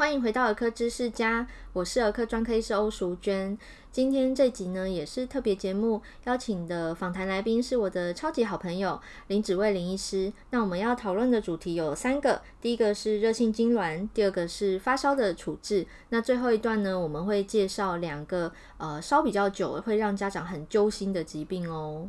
歡迎回到兒科知識家，我是兒科專科醫師歐淑娟。今天這集呢也是特別節目，邀請的訪談來賓是我的超級好朋友林芷蔚林醫師。那我們要討論的主題有三個，第一個是熱性痙攣，第二個是發燒的處置，那最後一段呢我們會介紹兩個呃燒比較久會讓家長很揪心的疾病哦。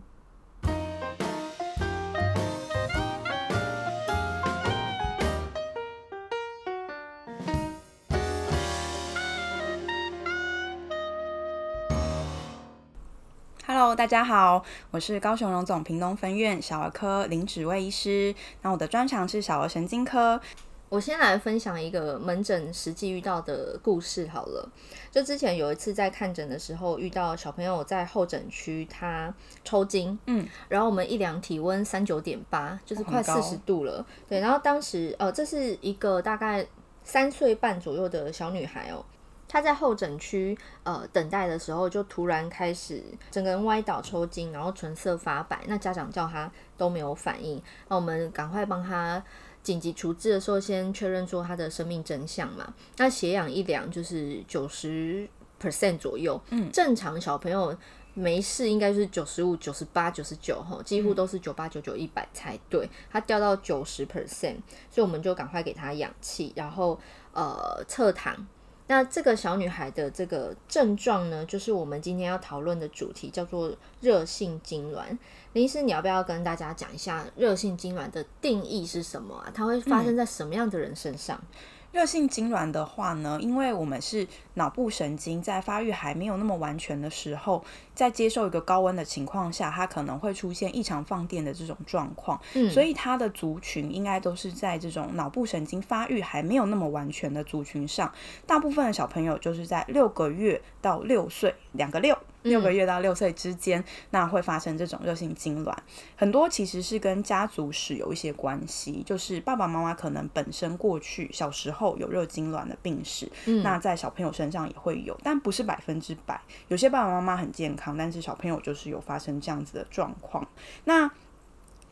大家好，我是高雄榮總屏東分院小兒科林芷蔚醫師。那我的專長是小兒神經科。我先來分享一個門診實際遇到的故事好了。就之前有一次在看診的時候，遇到小朋友在候診區他抽筋，嗯，然後我們一量體溫三九點八，就是快四十度了。很高。對，然後當時呃這是一個大概三歲半左右的小女孩哦、喔。他在候診區，呃，等待的時候就突然開始整個人歪倒抽筋，然後唇色發白。那家長叫他都沒有反應，那我們趕快幫他緊急處置的時候，先確認說他的生命徵象嘛。那血氧一量就是九十 percent 左右，嗯，正常小朋友沒事應該是九十五、九十八、九十九，吼，幾乎都是九八、九九、一百才對。他掉到九十 percent，所以我們就趕快給他氧氣，然後呃側躺。那這個小女孩的這個症狀呢，就是我們今天要討論的主題，叫做熱性痙攣。林醫師，你要不要跟大家講一下熱性痙攣的定義是什麼啊？它會發生在什麼樣的人身上？嗯。熱性痙攣的話呢，因為我們是腦部神經在發育還沒有那麼完全的時候，在接受一個高溫的情況下，它可能會出現異常放電的這種狀況。嗯，所以它的族群應該都是在這種腦部神經發育還沒有那麼完全的族群上。大部分的小朋友就是在六個月到六歲，兩個六。六個月到六歲之間，嗯、那會發生這種熱性痙攣，很多其實是跟家族史有一些關係，就是爸爸媽媽可能本身過去小時候有熱痙攣的病史，嗯、那在小朋友身上也會有，但不是百分之百，有些爸爸媽媽很健康，但是小朋友就是有發生這樣子的狀況，那。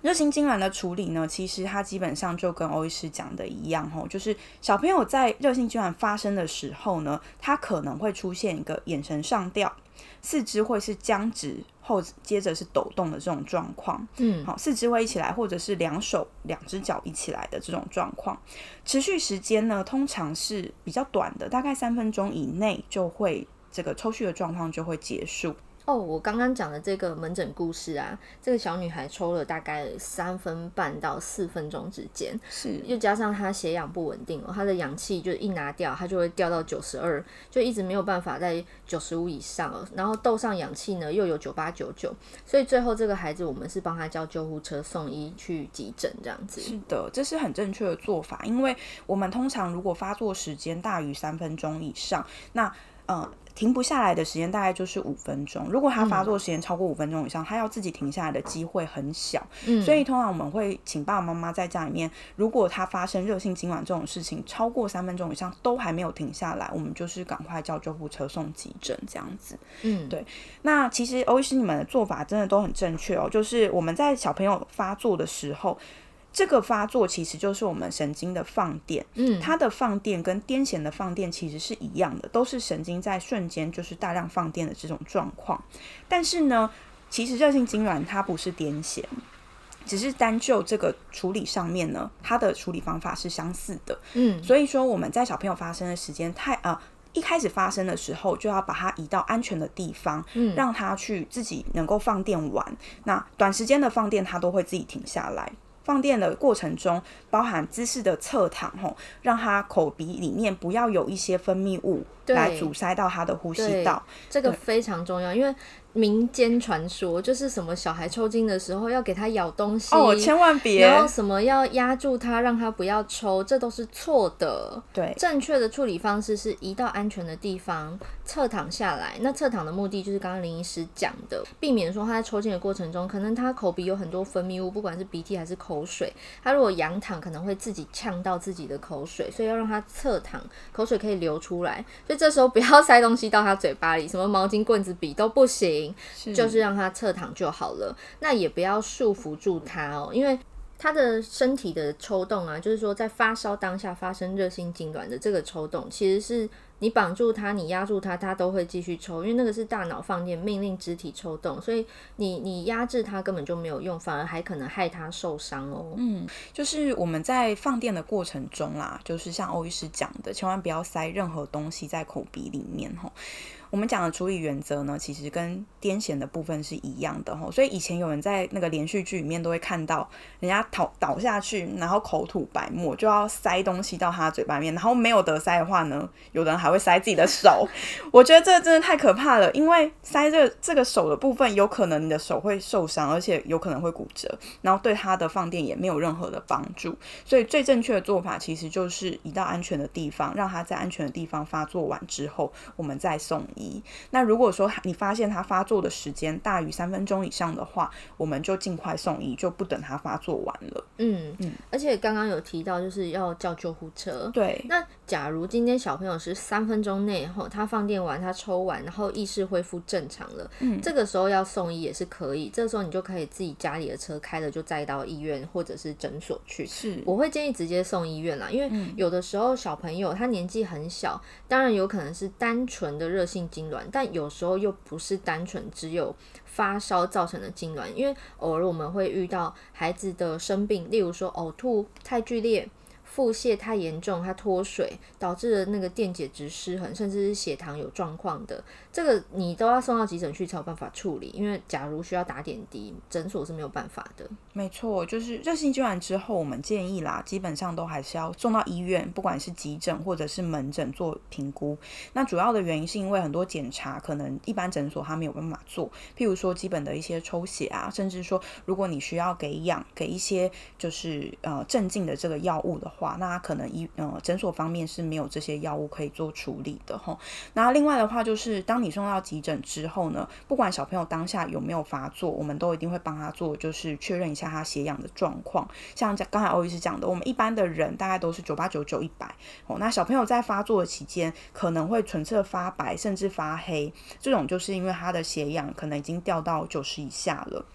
熱性痙攣的處理呢，其實它基本上就跟歐醫師講的一樣吼，就是小朋友在熱性痙攣發生的時候呢，他可能會出現一個眼神上吊，四肢會是僵直，後接着是抖動的這種狀況。嗯，好，四肢會一起來，或者是兩手兩隻腳一起來的這種狀況，持續時間呢通常是比較短的，大概三分鐘以內就會這個抽搐的狀況就會結束。哦，我剛剛講的這個門診故事啊，這個小女孩抽了大概三分半到四分鐘之間，是，又加上她血氧不穩定，她的氧氣就一拿掉，她就會掉到九十二，就一直沒有辦法在九十五以上，然後鬥上氧氣呢，又有九八九九，所以最後這個孩子我們是幫她叫救護車送醫去急診，這樣子。是的，這是很正確的做法，因為我們通常如果發作時間大於三分鐘以上，那。嗯、呃，停不下來的時間大概就是五分鐘。如果他發作時間超過五分鐘以上，嗯、他要自己停下來的機會很小。嗯、所以通常我們會請爸爸媽媽在家裡面，如果他發生熱性痙攣這種事情超過三分鐘以上都還沒有停下來，我們就是趕快叫救護車送急診這樣子。嗯，對。那其實歐醫師你們的做法真的都很正確哦，就是我們在小朋友發作的時候。這個發作其實就是我們神經的放電，嗯，它的放電跟癲癇的放電其實是一樣的，都是神經在瞬間就是大量放電的這種狀況。但是呢，其實熱性痙攣它不是癲癇，只是單就這個處理上面呢，它的處理方法是相似的，嗯，所以說我們在小朋友發生的時間太啊、呃，一開始發生的時候就要把它移到安全的地方，嗯、讓他去自己能夠放電完，那短時間的放電它都會自己停下來。放電的過程中，包含姿勢的側躺，吼，讓他口鼻裡面不要有一些分泌物來阻塞到他的呼吸道，這個非常重要，嗯，因為。民間傳說就是什麼小孩抽筋的時候要給他咬東西哦，千萬別，然後什麼要壓住他，讓他不要抽，這都是錯的。對，正確的處理方式是移到安全的地方，側躺下來。那側躺的目的就是剛剛林醫師講的，避免說他在抽筋的過程中，可能他口鼻有很多分泌物，不管是鼻涕還是口水，他如果仰躺可能會自己嗆到自己的口水，所以要讓他側躺，口水可以流出來。所以這時候不要塞東西到他嘴巴裡，什麼毛巾、棍子、筆都不行。是，就是讓他側躺就好了，那也不要束縛住他哦，因為他的身體的抽動啊，就是說在發燒當下發生熱性痙攣的這個抽動，其實是你綁住他，你壓住他，他都會繼續抽，因為那個是大腦放電命令肢體抽動，所以你你壓制他根本就沒有用，反而還可能害他受傷哦。嗯，就是我們在放電的過程中啦、啊，就是像歐醫師講的，千萬不要塞任何東西在口鼻裡面哦。我們講的處理原則呢，其實跟癲癇的部分是一樣的哦。所以以前有人在那個連續劇裡面都會看到，人家倒倒下去，然後口吐白沫，就要塞東西到他嘴巴裡面。然後沒有得塞的話呢，有的人還會塞自己的手。我覺得這真的太可怕了，因為塞這這個手的部分，有可能你的手會受傷，而且有可能會骨折，然後對他的放電也沒有任何的幫助。所以最正確的做法其實就是移到安全的地方，讓他在安全的地方發作完之後，我們再送。那如果說你發現他發作的時間大於三分鐘以上的話，我們就盡快送醫，就不等他發作完了。嗯嗯。嗯，而且剛剛有提到就是要叫救護車。對。那假如今天小朋友是三分鐘內後他放電完，他抽完，然後意識恢復正常了，嗯、這個時候要送醫也是可以。這個時候你就可以自己家裡的車開了就載到醫院或者是診所去。是，我會建議直接送醫院啦，因為有的時候小朋友他年紀很小，嗯、當然有可能是單純的熱性。痙攣，但有時候又不是單純只有發燒造成的痙攣，因為偶爾我們會遇到孩子的生病，例如說嘔吐太劇烈。腹瀉太嚴重，它脫水導致了那個電解質失衡，甚至是血糖有狀況的，這個你都要送到急診去才有辦法處理。因為假如需要打點滴，診所是沒有辦法的。沒錯，就是熱性痙攣完之後，我們建議啦，基本上都還是要送到醫院，不管是急診或者是門診做評估。那主要的原因是因為很多檢查可能一般診所他沒有辦法做，譬如說基本的一些抽血啊，甚至說如果你需要給氧、給一些就是呃鎮靜的這個藥物的話話，那他可能醫呃診所方面是沒有這些藥物可以做處理的哦。那、哦、另外的話，就是當你送到急診之後呢，不管小朋友當下有沒有發作，我們都一定會幫他做，就是確認一下他血氧的狀況。像剛才歐醫師講的，我們一般的人大概都是九八九九一百哦。那小朋友在發作的期間可能會唇色發白，甚至發黑，這種就是因為他的血氧可能已經掉到九十以下了。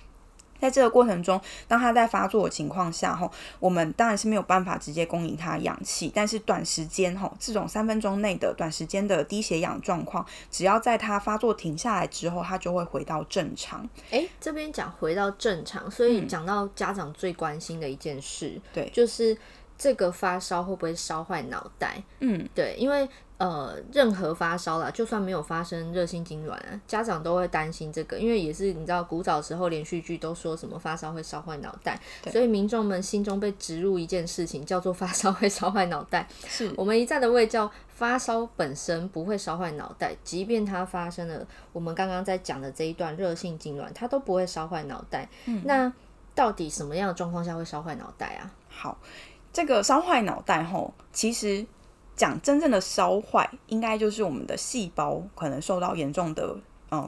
在這個過程中，當他在發作的情況下，我們當然是沒有辦法直接供應他氧氣。但是短時間，這種三分鐘內的短時間的低血氧狀況，只要在他發作停下來之後，他就會回到正常。欸，這邊講回到正常，所以講到家長最關心的一件事，嗯，對，就是。這個發燒會不會燒壞腦袋？嗯，對，因為呃，任何發燒啦，就算沒有發生熱性痙攣啊，家長都會擔心這個，因為也是你知道，古早時候連續劇都說什麼發燒會燒壞腦袋，對所以民眾們心中被植入一件事情，叫做發燒會燒壞腦袋。是我們一再的衛教發燒本身不會燒壞腦袋，即便它發生了，我們剛剛在講的這一段熱性痙攣，它都不會燒壞腦袋。嗯、那到底什麼樣的狀況下會燒壞腦袋啊？好。這個燒壞腦袋吼，其實講真正的燒壞，應該就是我們的細胞可能受到嚴重的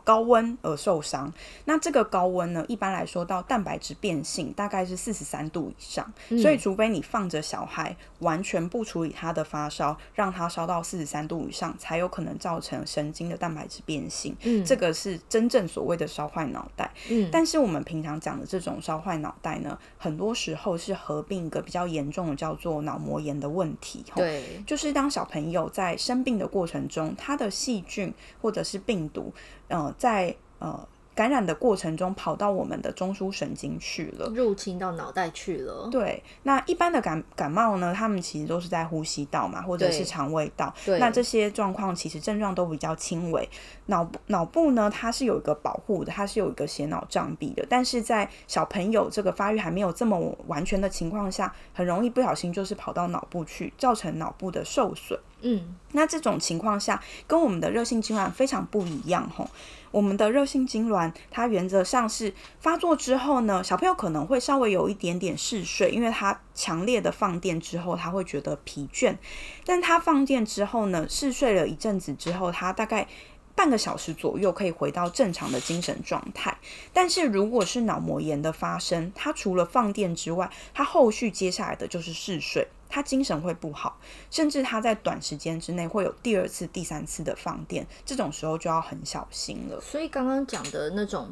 高溫而受傷，那這個高溫呢，一般來說到蛋白質變性大概是四十三度以上，嗯，所以除非你放着小孩完全不處理他的發燒，讓他燒到四十三度以上，才有可能造成神經的蛋白質變性。嗯，這個是真正所謂的燒壞腦袋。嗯，但是我們平常講的這種燒壞腦袋呢，很多時候是合併一個比較嚴重的叫做腦膜炎的問題。對，就是當小朋友在生病的過程中，他的細菌或者是病毒。嗯、呃，在呃感染的過程中，跑到我們的中樞神經去了，入侵到腦袋去了。對，那一般的感感冒呢，他們其實都是在呼吸道嘛，或者是腸胃道。對那這些狀況其實症狀都比較輕微。對腦腦部呢，它是有一個保護的，它是有一個血腦障壁的。但是在小朋友這個發育還沒有這麼完全的情況下，很容易不小心就是跑到腦部去，造成腦部的受損。嗯，那這種情況下跟我們的熱性痙攣非常不一樣吼，我們的熱性痙攣，它原則上是發作之後呢，小朋友可能會稍微有一點點嗜睡，因為他強烈的放電之後，他會覺得疲倦。但他放電之後呢，嗜睡了一陣子之後，他大概半個小時左右可以回到正常的精神狀態。但是如果是腦膜炎的發生，他除了放電之外，他後續接下來的就是嗜睡。他精神會不好，甚至他在短時間之內會有第二次、第三次的放電，這種時候就要很小心了。所以剛剛講的那種，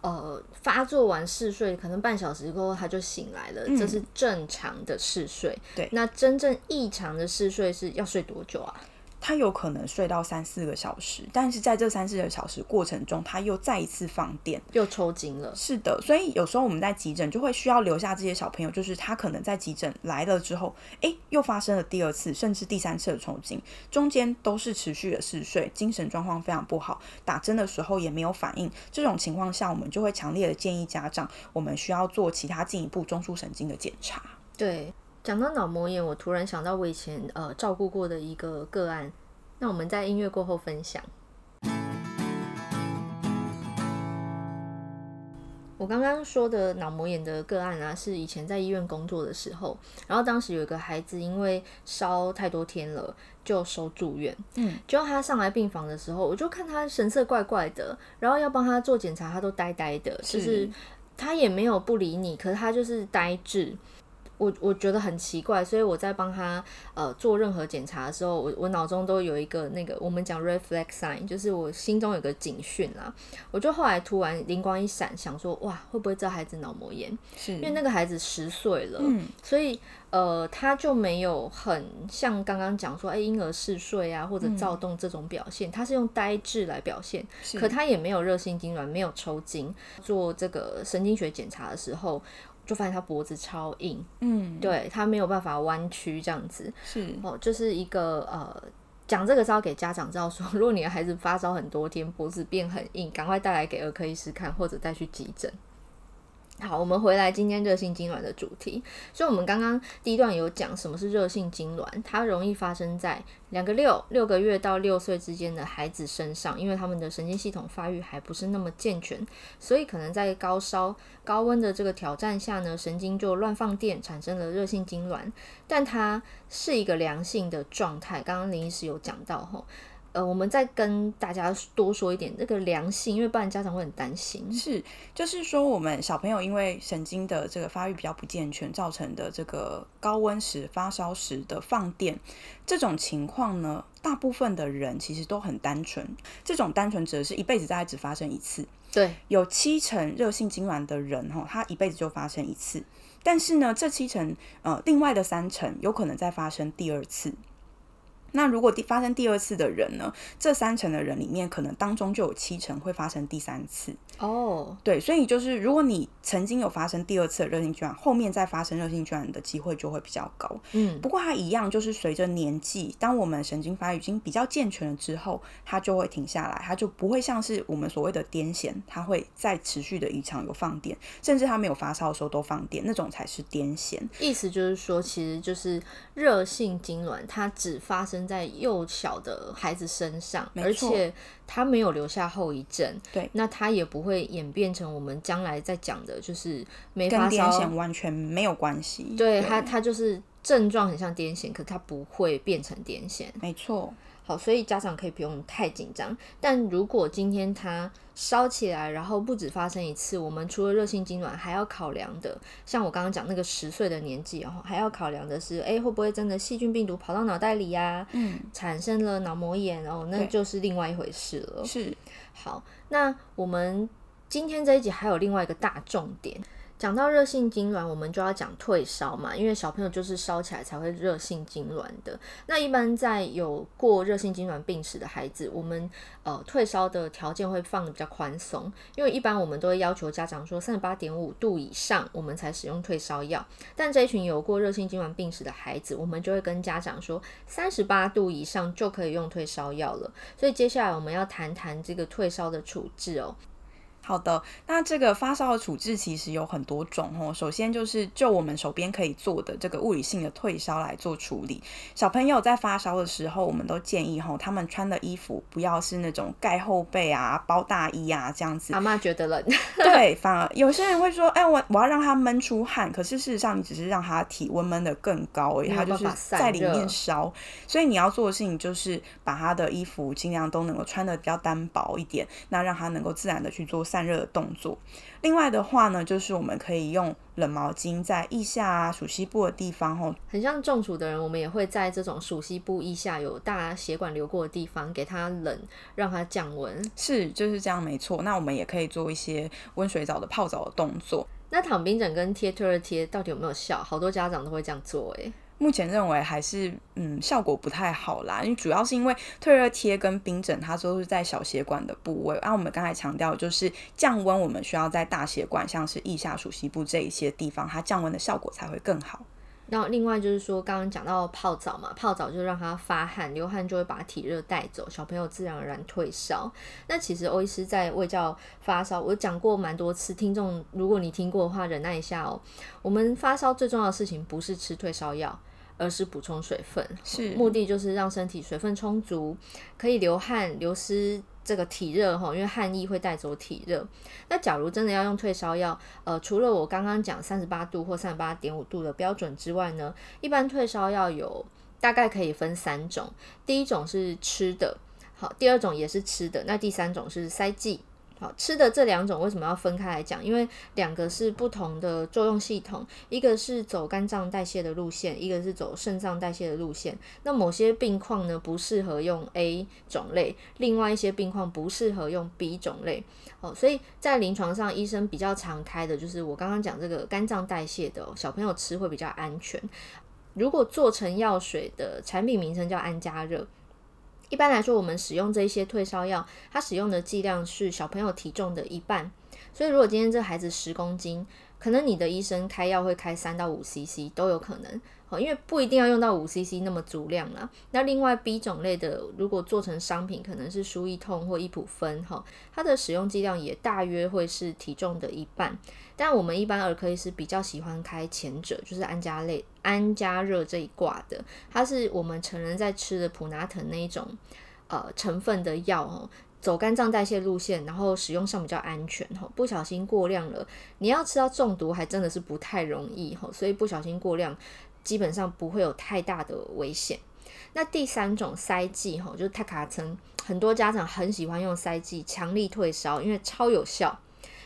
呃，發作完嗜睡，可能半小時過後他就醒來了，嗯，這是正常的嗜睡。對，那真正異常的嗜睡是要睡多久啊？他有可能睡到三四個小時，但是在這三四個小時過程中，他又再一次放電，又抽筋了。是的，所以有時候我們在急診就會需要留下這些小朋友，就是他可能在急診來了之後，誒，又發生了第二次甚至第三次的抽筋，中間都是持續的嗜睡，精神狀況非常不好，打針的時候也沒有反應。這種情況下，我們就會強烈的建議家長，我們需要做其他進一步中樞神經的檢查。對。講到腦膜炎，我突然想到我以前呃照顧過的一個個案，那我們在音樂過後分享。嗯，我剛剛說的腦膜炎的個案啊，是以前在醫院工作的時候，然後當時有一個孩子因為燒太多天了，就收住院，嗯，就他上來病房的時候，我就看他神色怪怪的，然後要幫他做檢查，他都呆呆的，就是，是他也沒有不理你，可是他就是呆滯。我我覺得很奇怪，所以我在幫他呃做任何檢查的時候，我我腦中都有一個那個我們講 reflex sign，就是我心中有個警訊啦。我就後來突然靈光一閃，想說哇會不會這孩子腦膜炎？是因為那個孩子十歲了，嗯、所以呃他就沒有很像剛剛講說哎嬰、欸、兒嗜睡啊或者躁動這種表現，他、嗯、是用呆滯來表現，是可他也沒有熱性痙攣，沒有抽筋。做這個神經學檢查的時候。就發現他脖子超硬，嗯，對，他沒有辦法彎曲這樣子，是哦，就是一個呃，講這個是要給家長知道說，如果你的孩子發燒很多天，脖子變很硬，趕快帶來給兒科醫師看，或者帶去急診。好，我們回來今天熱性痙攣的主題。所以，我們剛剛第一段有講什麼是熱性痙攣，它容易發生在兩個六六個月到六歲之間的孩子身上，因為他們的神經系統發育還不是那麼健全，所以可能在高燒、高溫的這個挑戰下呢，神經就亂放電，產生了熱性痙攣。但它是一個良性的狀態，剛剛林醫師有講到吼。呃，我們再跟大家多說一點這、那個良性，因為不然家長會很擔心。是，就是說我們小朋友因為神經的這個發育比較不健全造成的這個高溫時發燒時的放電這種情況呢，大部分的人其實都很單純。這種單純指的是，一輩子大概只發生一次。對，有七成熱性痙攣的人哈，他一輩子就發生一次。但是呢，這七成，呃，另外的三成有可能再發生第二次。那如果第發生第二次的人呢？這三成的人裡面，可能當中就有七成會發生第三次哦。Oh. 對，所以就是如果你曾經有發生第二次的熱性痙攣，後面再發生熱性痙攣的機會就會比較高。嗯，不過它一樣就是隨着年紀，當我們神經發育已經比較健全了之後，它就會停下來，它就不會像是我們所謂的癲癇，它會再持續的異常有放電，甚至它沒有發燒的時候都放電，那種才是癲癇。意思就是說，其實就是熱性痙攣，它只發生在幼小的孩子身上，沒錯，而且他沒有留下後遺症，對，那他也不會演變成我們將來在講的，就是沒發燒，跟癲癇完全沒有關係。對，對他他，就是症狀很像癲癇，可他不會變成癲癇，沒錯。好，所以家長可以不用太緊張。但如果今天它燒起來，然後不止發生一次，我們除了熱性痙攣，還要考量的，像我剛剛講那個十歲的年紀、哦，然後還要考量的是，哎、欸，會不會真的細菌病毒跑到腦袋裡呀、啊？嗯，產生了腦膜炎，哦。那就是另外一回事了。是，好，那我們今天這一集還有另外一個大重點。講到熱性痙攣，我們就要講退燒嘛，因為小朋友就是燒起來才會熱性痙攣的。那一般在有過熱性痙攣病史的孩子，我們呃退燒的條件會放得比較寬鬆，因為一般我們都會要求家長說三十八點五度以上我們才使用退燒藥，但這一群有過熱性痙攣病史的孩子，我們就會跟家長說三十八度以上就可以用退燒藥了。所以接下來我們要談談這個退燒的處置哦。好的，那這個發燒的處置其實有很多種哦，首先就是就我們手邊可以做的這個物理性的退燒來做處理。小朋友在發燒的時候，我們都建議吼，他們穿的衣服不要是那種蓋後背啊、包大衣啊這樣子。媽媽覺得冷。對，對反而有些人會說，哎、欸，我我要讓他悶出汗。可是事實上，你只是讓他體溫悶得更高、欸，而已，他就是在裡面燒。所以你要做的事情就是把他的衣服盡量都能夠穿得比較單薄一點，那讓他能夠自然的去做散熱的動作。另外的話呢，就是我們可以用冷毛巾在腋下啊、鼠蹊部的地方吼，很像中暑的人，我們也會在這種鼠蹊部腋下有大血管流過的地方給他冷，讓他降溫。是，就是這樣，沒錯。那我們也可以做一些溫水澡的泡澡的動作。那躺冰枕跟貼退熱貼到底有沒有效？好多家長都會這樣做、欸，誒。目前認為還是嗯效果不太好啦，因為主要是因為退熱貼跟冰枕，它都是在小血管的部位。那、啊、我們剛才強調就是降溫，我們需要在大血管，像是腋下、鼠蹊部這一些地方，它降溫的效果才會更好。那另外就是說，剛剛講到泡澡嘛，泡澡就讓它發汗，流汗就會把體熱帶走，小朋友自然而然退燒。那其實歐醫師在衛教發燒，我講過蠻多次，聽眾如果你聽過的話，忍耐一下哦。我們發燒最重要的事情不是吃退燒藥。而是補充水分，是目的就是讓身體水分充足，可以流汗流失這個體熱哈，因為汗液會帶走體熱。那假如真的要用退燒藥，呃，除了我剛剛講三十八度或三十八點五度的標準之外呢，一般退燒藥有大概可以分三種，第一種是吃的，好，第二種也是吃的，那第三種是塞劑。好吃的這兩種為什麼要分開來講？因為兩個是不同的作用系統，一個是走肝臟代謝的路線，一個是走腎臟代謝的路線。那某些病況呢不適合用 A 種類，另外一些病況不適合用 B 種類。哦，所以在臨床上醫生比較常開的就是我剛剛講這個肝臟代謝的，小朋友吃會比較安全。如果做成藥水的產品名稱叫安佳熱。一般來說，我們使用這些退燒藥，它使用的劑量是小朋友體重的一半。所以，如果今天這孩子十公斤，可能你的醫生開藥會開三到五 CC 都有可能。因為不一定要用到五 CC 那麼足量了。那另外 B 種類的，如果做成商品，可能是舒一痛或一普芬，哈，它的使用劑量也大約會是體重的一半。但我們一般兒科醫師比較喜歡開前者，就是安加類、安加熱這一掛的，它是我們成人在吃的普拿疼那一種，呃，成分的藥哈，走肝臟代謝路線，然後使用上比較安全吼，不小心過量了，你要吃到中毒還真的是不太容易吼，所以不小心過量基本上不會有太大的危險。那第三種塞劑吼，就是泰卡曾，很多家長很喜歡用塞劑，強力退燒，因為超有效。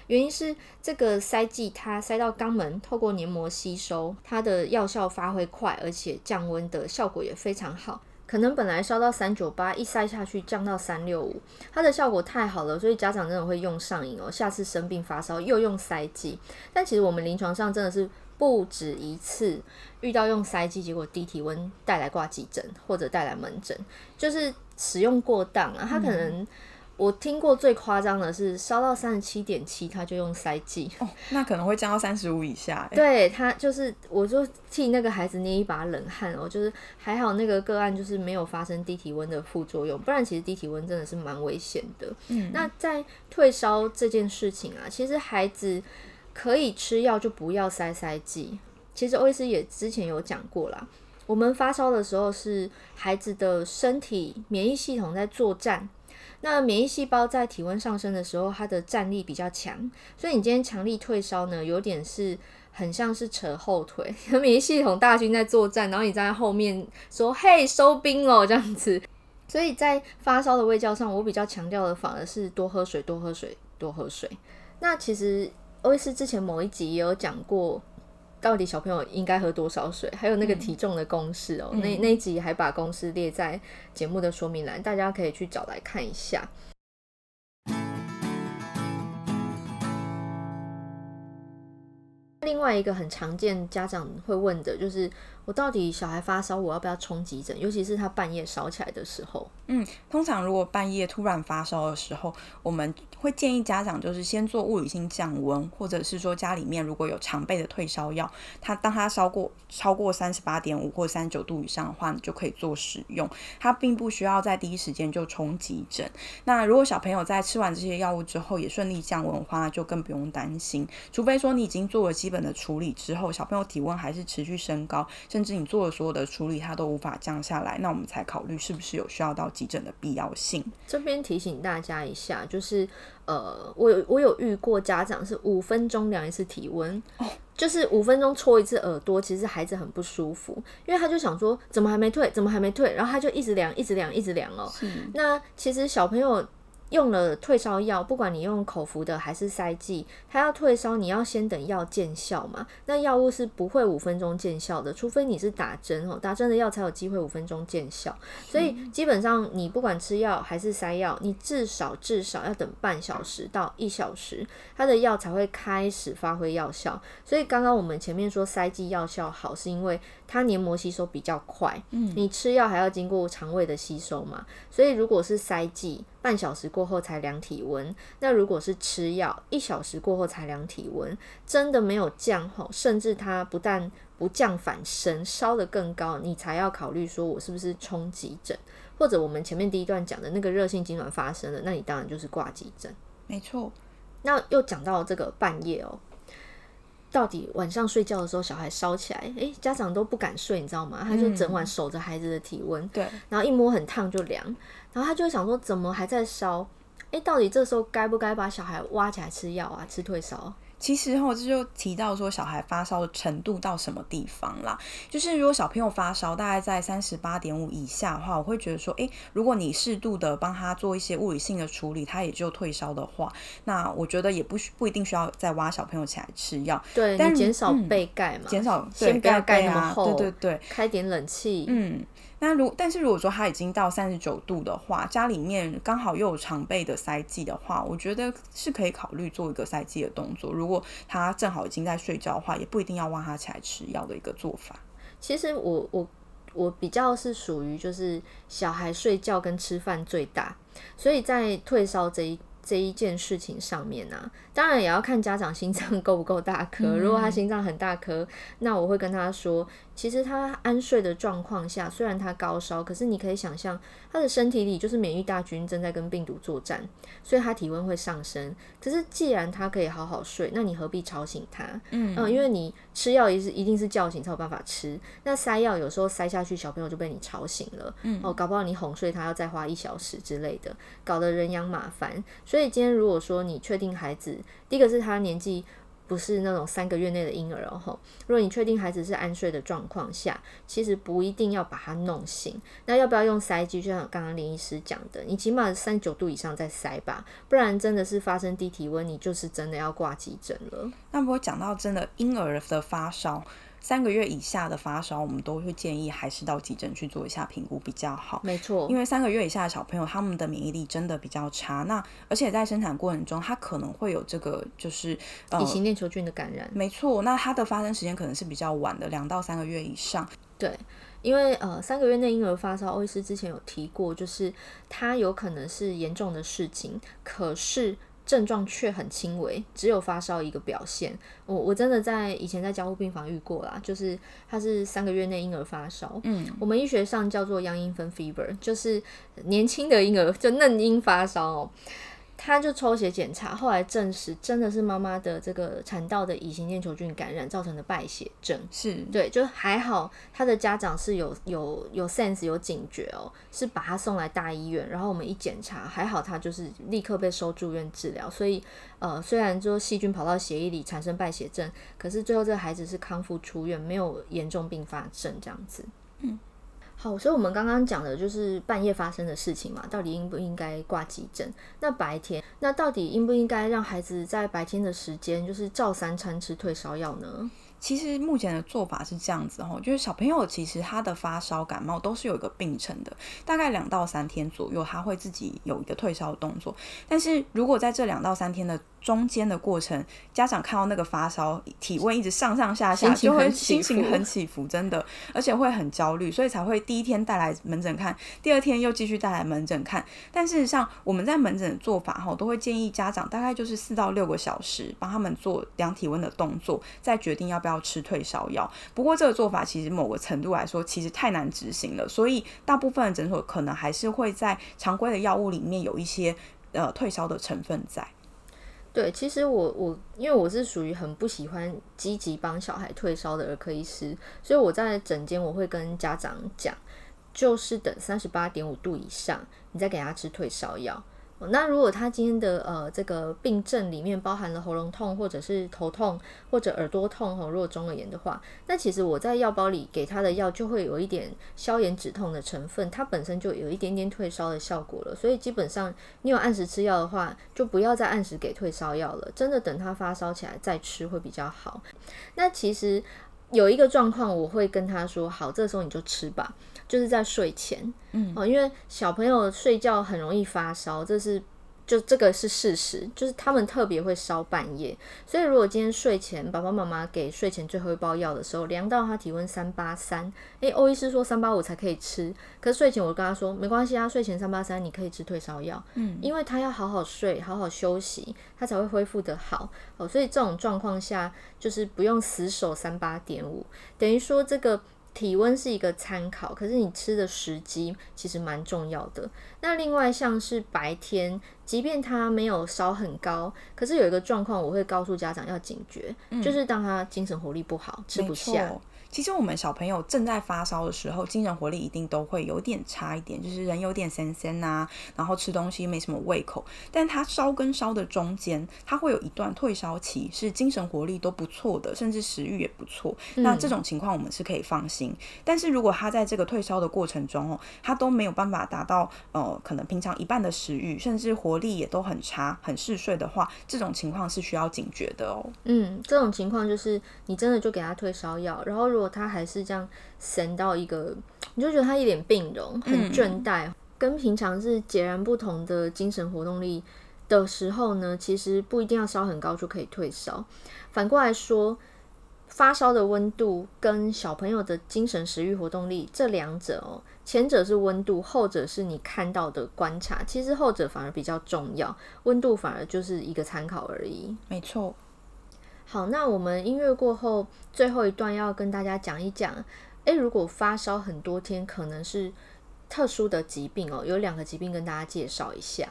原因是這個塞劑，它塞到肛門，透過黏膜吸收，它的藥效發揮快，而且降溫的效果也非常好。可能本來燒到三九八，一塞下去降到三六五，它的效果太好了，所以家長真的會用上癮哦。下次生病發燒又用塞劑，但其實我們臨床上真的是不止一次遇到用塞劑，結果低體溫帶來掛急診或者帶來門診，就是使用過當啊，它可能。我聽過最誇張的是燒到三十七點七，他就用塞劑，哦。那可能會降到三十五以下，欸。對他，就是我就替那個孩子捏一把冷汗哦，就是還好那個個案就是沒有發生低體溫的副作用，不然其實低體溫真的是蠻危險的。嗯，那在退燒這件事情啊，其實孩子可以吃藥就不要塞塞劑。其實歐醫師也之前有講過啦，我們發燒的時候是孩子的身體免疫系統在作戰。那免疫細胞在體溫上升的時候，它的戰力比較強，所以你今天強力退燒呢，有點是很像是扯後腿， 免疫系統大軍在作戰，然後你站在後面說“嘿、hey，收兵嘍”這樣子。所以在發燒的衛教上，我比較強調的反而是多喝水，多喝水，多喝水。那其實歐醫師之前某一集也有講過。到底小朋友應該喝多少水？還有那個體重的公式哦、喔，嗯、那那一集還把公式列在節目的說明欄，大家可以去找來看一下。嗯嗯、另外一個很常見家長會問的就是。我到底小孩發燒，我要不要衝急診？尤其是他半夜燒起來的時候。嗯，通常如果半夜突然發燒的時候，我們會建議家長就是先做物理性降溫，或者是說家裡面如果有常備的退燒藥，他當他燒過超過三十八點五或三十九度以上的話，你就可以做使用。它並不需要在第一時間就衝急診。那如果小朋友在吃完這些藥物之後也順利降溫的話，那就更不用擔心。除非說你已經做了基本的處理之後，小朋友體溫還是持續升高。甚至你做的所有的處理，它都無法降下來，那我們才考慮是不是有需要到急診的必要性。這邊提醒大家一下，就是呃，我有我有遇過家長是五分鐘量一次體溫，哦、就是五分鐘戳一次耳朵，其實孩子很不舒服，因為他就想說怎麼還沒退，怎麼還沒退，然後他就一直量，一直量，一直量哦。是那其實小朋友。用了退燒藥，不管你用口服的還是塞劑，它要退燒，你要先等藥見效嘛。那藥物是不會五分鐘見效的，除非你是打針哦，打針的藥才有機會五分鐘見效。所以基本上你不管吃藥還是塞藥，你至少至少要等半小時到一小時，它的藥才會開始發揮藥效。所以剛剛我們前面說塞劑藥效好，是因為。它黏膜吸收比較快，嗯，你吃藥還要經過腸胃的吸收嘛，所以如果是塞劑，半小時過後才量體溫，那如果是吃藥，一小時過後才量體溫，真的沒有降吼，甚至它不但不降反升，燒得更高，你才要考慮說我是不是衝急診，或者我們前面第一段講的那個熱性痙攣發生了，那你當然就是掛急診。沒錯，那又講到這個半夜哦。到底晚上睡覺的時候，小孩燒起來，誒、欸，家長都不敢睡，你知道嗎？他就整晚守着孩子的體溫，嗯、對，然後一摸很燙就涼，然後他就會想說，怎麼還在燒？誒、欸，到底這時候該不該把小孩挖起來吃藥啊？吃退燒？其實後這就提到說小孩發燒的程度到什麼地方啦。就是如果小朋友發燒大概在三十八點五以下的話，我會覺得說，欸、如果你適度的幫他做一些物理性的處理，他也就退燒的話，那我覺得也不不一定需要再挖小朋友起來吃藥。對，但你減少被蓋嘛，減、嗯、少先對不要蓋、啊、那麼厚，對對對，開點冷氣，嗯。那如但是如果說他已經到三十九度的話，家裡面剛好又有常備的塞劑的話，我覺得是可以考慮做一個塞劑的動作。如果他正好已經在睡覺的話，也不一定要挖他起來吃藥的一個做法。其實我我我比較是屬於就是小孩睡覺跟吃飯最大，所以在退燒這一這一件事情上面呢，啊，當然也要看家長心臟夠不夠大顆。嗯，如果他心臟很大顆，那我會跟他說。其實他安睡的狀況下，雖然他高燒，可是你可以想象他的身體裡就是免疫大軍正在跟病毒作戰，所以他體溫會上升。可是既然他可以好好睡，那你何必吵醒他？嗯，嗯，因為你吃藥也是一定是叫醒才有辦法吃。那塞藥有時候塞下去，小朋友就被你吵醒了，嗯、哦，搞不好你哄睡他要再花一小時之類的，搞得人仰馬翻。所以今天如果說你確定孩子，第一個是他年紀。不是那種三個月內的嬰兒哦，如果你確定孩子是安睡的狀況下，其實不一定要把它弄醒。那要不要用塞劑？就像剛剛林醫師講的，你起碼三九度以上再塞吧，不然真的是發生低體溫，你就是真的要掛急診了。那麼我講到真的嬰兒的發燒。三個月以下的發燒，我們都會建議還是到急診去做一下評估比較好。沒錯，因為三個月以下的小朋友，他們的免疫力真的比較差。那而且在生產過程中，他可能會有這個就是呃乙型鏈球菌的感染。沒錯，那它的發生時間可能是比較晚的，兩到三個月以上。對，因為呃三個月內嬰兒發燒，歐醫師之前有提過，就是它有可能是嚴重的事情，可是。症狀卻很輕微，只有發燒一個表現。我我真的在以前在加護病房遇過啦，就是他是三個月內嬰兒發燒，嗯，我們醫學上叫做 young infant fever，就是年輕的嬰兒就嫩嬰發燒哦。他就抽血檢查，後來證實真的是媽媽的這個產道的乙型鏈球菌感染造成的敗血症。是，對，就還好，他的家長是有有有 sense 有警覺哦，是把他送來大醫院，然後我們一檢查，還好他就是立刻被收住院治療。所以，呃，雖然說細菌跑到血液裡產生敗血症，可是最後這個孩子是康復出院，沒有嚴重併發症這樣子。嗯。好，所以我們剛剛講的就是半夜發生的事情嘛，到底應不應該掛急診？那白天，那到底應不應該讓孩子在白天的時間，就是照三餐吃退燒藥呢？其實目前的做法是這樣子哈，就是小朋友其實他的發燒感冒都是有一個病程的，大概兩到三天左右他會自己有一個退燒的動作。但是如果在這兩到三天的中間的過程，家長看到那個發燒體溫一直上上下下，就會心情很起伏，真的，而且會很焦慮，所以才會第一天帶來門診看，第二天又繼續帶來門診看。但事實上我們在門診的做法哈，都會建議家長大概就是四到六個小時幫他們做量體溫的動作，再決定要不要。要吃退燒藥，不過這個做法其實某個程度來說，其實太難執行了，所以大部分的診所可能還是會在常規的藥物裡面有一些呃退燒的成分在。對，其實我我因為我是屬於很不喜歡積極幫小孩退燒的兒科醫師，所以我在診間我會跟家長講，就是等三十八點五度以上，你再給他吃退燒藥。那如果他今天的呃這個病症裡面包含了喉嚨痛，或者是頭痛，或者耳朵痛，或若中耳炎的話，那其實我在藥包裡給他的藥就會有一點消炎止痛的成分，它本身就有一點點退燒的效果了。所以基本上你有按時吃藥的話，就不要再按時給退燒藥了，真的等他發燒起來再吃會比較好。那其實有一個狀況，我會跟他說，好，這個時候你就吃吧。就是在睡前，嗯，哦，因為小朋友睡覺很容易發燒，這是就這個是事實，就是他們特別會燒半夜。所以如果今天睡前，爸爸媽媽給睡前最後一包藥的時候，量到他體溫三八三，誒，歐醫師說三八五才可以吃。可是睡前我跟他說沒關係啊，睡前三八三你可以吃退燒藥，嗯，因為他要好好睡，好好休息，他才會恢復得好。哦，所以這種狀況下，就是不用死守三八點五，等於說這個。體溫是一個參考，可是你吃的時機其實蠻重要的。那另外像是白天，即便他沒有燒很高，可是有一個狀況，我會告訴家長要警覺，嗯，就是當他精神活力不好，吃不下。其實我們小朋友正在發燒的時候，精神活力一定都會有點差一點，就是人有點酸酸吶，然後吃東西沒什麼胃口。但他燒跟燒的中間，他會有一段退燒期，是精神活力都不錯的，甚至食欲也不錯。那這種情況我們是可以放心。嗯，但是如果他在這個退燒的過程中哦，他都沒有辦法達到呃，可能平常一半的食欲，甚至活力也都很差，很嗜睡的話，這種情況是需要警覺的哦。嗯，這種情況就是你真的就給他退燒藥，然後如果他還是這樣神到一個，你就覺得他一臉病容，哦，很倦怠，嗯、跟平常是截然不同的精神活動力的時候呢，其實不一定要燒很高就可以退燒。反過來說，發燒的溫度跟小朋友的精神食慾活動力這兩者哦，前者是溫度，後者是你看到的觀察，其實後者反而比較重要，溫度反而就是一個參考而已。沒錯。好，那我們音樂過後，最後一段要跟大家講一講，哎、欸，如果發燒很多天，可能是特殊的疾病哦、喔，有兩個疾病跟大家介紹一下。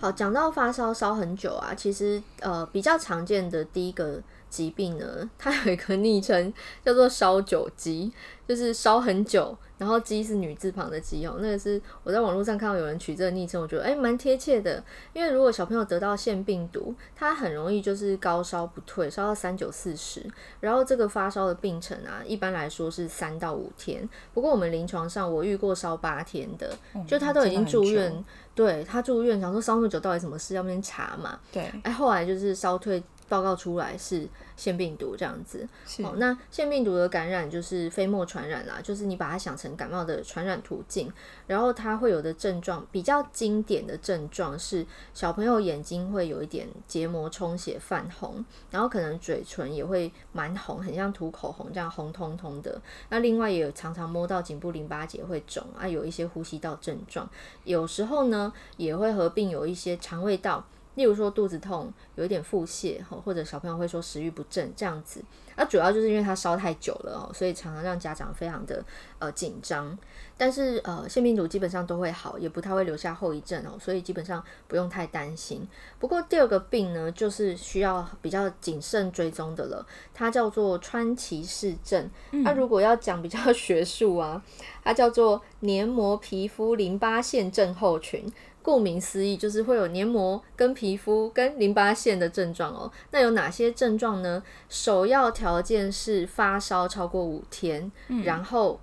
好，講到發燒燒很久啊，其實呃比較常見的第一個疾病呢，它有一個昵稱叫做“燒酒疾”，就是燒很久。然後雞是女字旁的雞哦那個是我在網絡上看到有人取這個昵稱我覺得哎蠻貼切的。因為如果小朋友得到腺病毒，他很容易就是高燒不退，燒到三九四十，然後這個發燒的病程啊，一般來說是三到五天。不過我們臨床上我遇過燒八天的，嗯、就他都已經住院，對，他住院想說燒那麼久到底什麼事，要不先查嘛。對，哎後來就是燒退。報告出來是腺病毒這樣子，是哦，那腺病毒的感染就是飛沫傳染啦，就是你把它想成感冒的傳染途徑，然後它會有的症狀，比較經典的症狀是小朋友眼睛會有一點結膜充血泛紅，然後可能嘴唇也會蠻紅，很像塗口紅這樣紅彤彤的。那另外也有常常摸到頸部淋巴結會腫啊，有一些呼吸道症狀，有時候呢也會合併有一些腸胃道。例如說肚子痛，有一點腹瀉，或者小朋友會說食欲不振，這樣子。它、啊、主要就是因為它燒太久了哦、喔，所以常常讓家長非常的呃緊張。但是呃，腺病毒基本上都會好，也不太會留下後遺症哦、喔，所以基本上不用太擔心。不過第二個病呢，就是需要比較謹慎追蹤的了，它叫做川崎氏症。那、嗯啊、如果要講比較學術啊，它叫做黏膜皮膚淋巴腺症候群。顧名思義，就是會有黏膜跟皮膚跟淋巴腺的症狀哦、喔。那有哪些症狀呢？首要調。條件是發燒超過五天，然後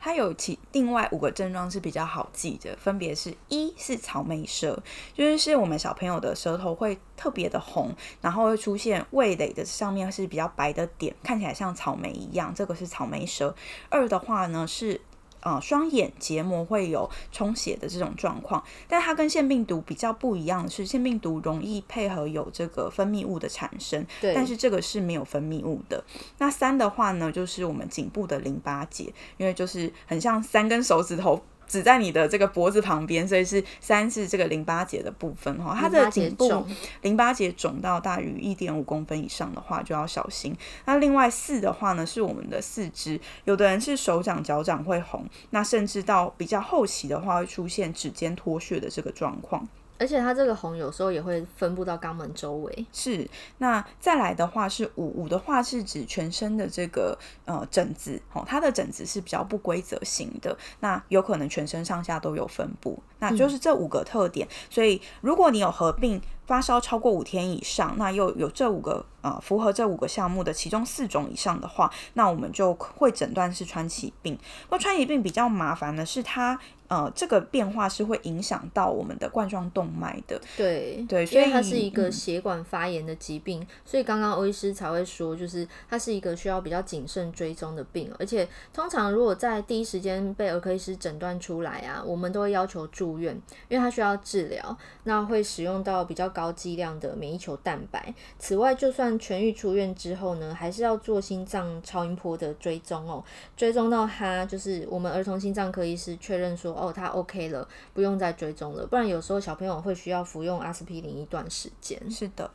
它有其另外五個症狀是比較好記的，分別是一是草莓舌，就是我們小朋友的舌頭會特別的紅，然後會出現味蕾的上面是比較白的點，看起來像草莓一樣，這個是草莓舌。二的話呢是，啊，雙眼結膜會有充血的這種狀況，但它跟腺病毒比較不一樣的是，腺病毒容易配合有這個分泌物的產生，對，但是這個是沒有分泌物的。那三的話呢，就是我們頸部的淋巴結，因為就是很像三根手指頭，指在你的這個脖子旁邊，所以是三，是這個淋巴結的部分哈。它的頸部淋巴結腫到大於一點五公分以上的話，就要小心。那另外四的話呢，是我們的四肢，有的人是手掌、腳掌會紅，那甚至到比較後期的話，會出現指尖脫屑的這個狀況。而且它這個紅有時候也會分布到肛門周圍。是，那再來的話是五五的話是指全身的這個呃疹子，吼，它的疹子是比較不規則型的，那有可能全身上下都有分布，那就是這五個特點。嗯，所以如果你有合併發燒超過五天以上，那又有這五個。啊、呃，符合這五個項目的其中四種以上的話，那我們就會診斷是川崎病。那川崎病比較麻煩的是，它呃，這個變化是會影響到我們的冠狀動脈的。對對，對所以因為它是一個血管發炎的疾病，嗯、所以剛剛歐醫師才會說，就是它是一個需要比較謹慎追蹤的病。而且通常如果在第一時間被兒科醫師診斷出來啊，我們都會要求住院，因為它需要治療，那會使用到比較高劑量的免疫球蛋白。此外，就算痊癒出院之後呢，還是要做心臟超音波的追蹤哦。追蹤到他就是我們兒童心臟科醫師確認說，哦，他 OK 了，不用再追蹤了。不然有時候小朋友會需要服用阿司匹林一段時間。是的。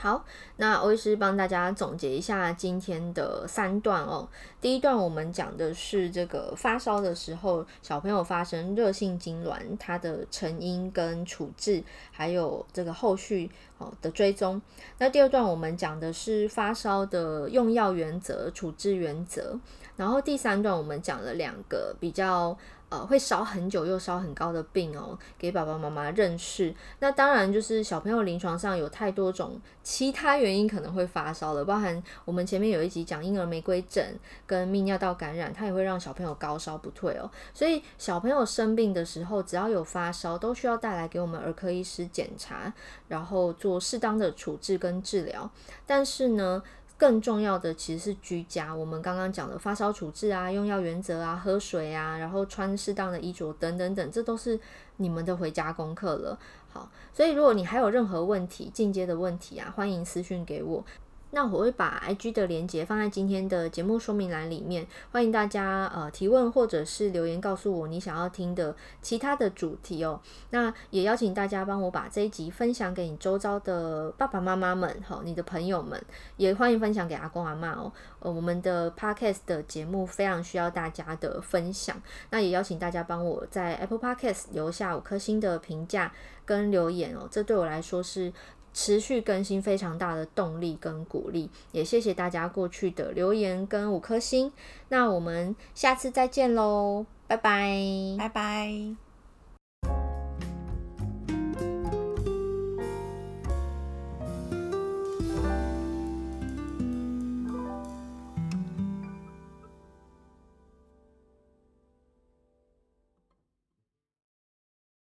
好，那歐醫師幫大家總結一下今天的三段哦。第一段我們講的是這個發燒的時候，小朋友發生熱性痙攣，它的成因跟處置，還有這個後續哦的追蹤。那第二段我們講的是發燒的用藥原則、處置原則。然後第三段我們講了兩個比較。呃，會燒很久又燒很高的病哦，給爸爸媽媽認識。那當然就是小朋友臨床上有太多種其他原因可能會發燒了，包含我們前面有一集講嬰兒玫瑰疹跟泌尿道感染，它也會讓小朋友高燒不退哦。所以小朋友生病的時候，只要有發燒，都需要帶來給我們兒科醫師檢查，然後做適當的處置跟治療。但是呢，更重要的其實是居家，我們剛剛講的發燒處置啊、用藥原則啊、喝水啊，然後穿適當的衣着等等等，這都是你們的回家功課了。好，所以如果你還有任何問題、進階的問題啊，歡迎私訊給我。那我會把 IG 的鏈接放在今天的節目說明欄裡面，歡迎大家呃提問或者是留言告訴我你想要聽的其他的主題哦。那也邀請大家幫我把這一集分享給你周遭的爸爸媽媽們，好、哦，你的朋友們，也歡迎分享給阿公阿嬤哦。呃、哦，我們的 Podcast 的節目非常需要大家的分享，那也邀請大家幫我在 Apple Podcast 留下五顆星的評價跟留言哦，這對我來說是。持續更新非常大的動力跟鼓勵，也謝謝大家過去的留言跟五顆星。那我們下次再見嘍，拜拜，拜拜。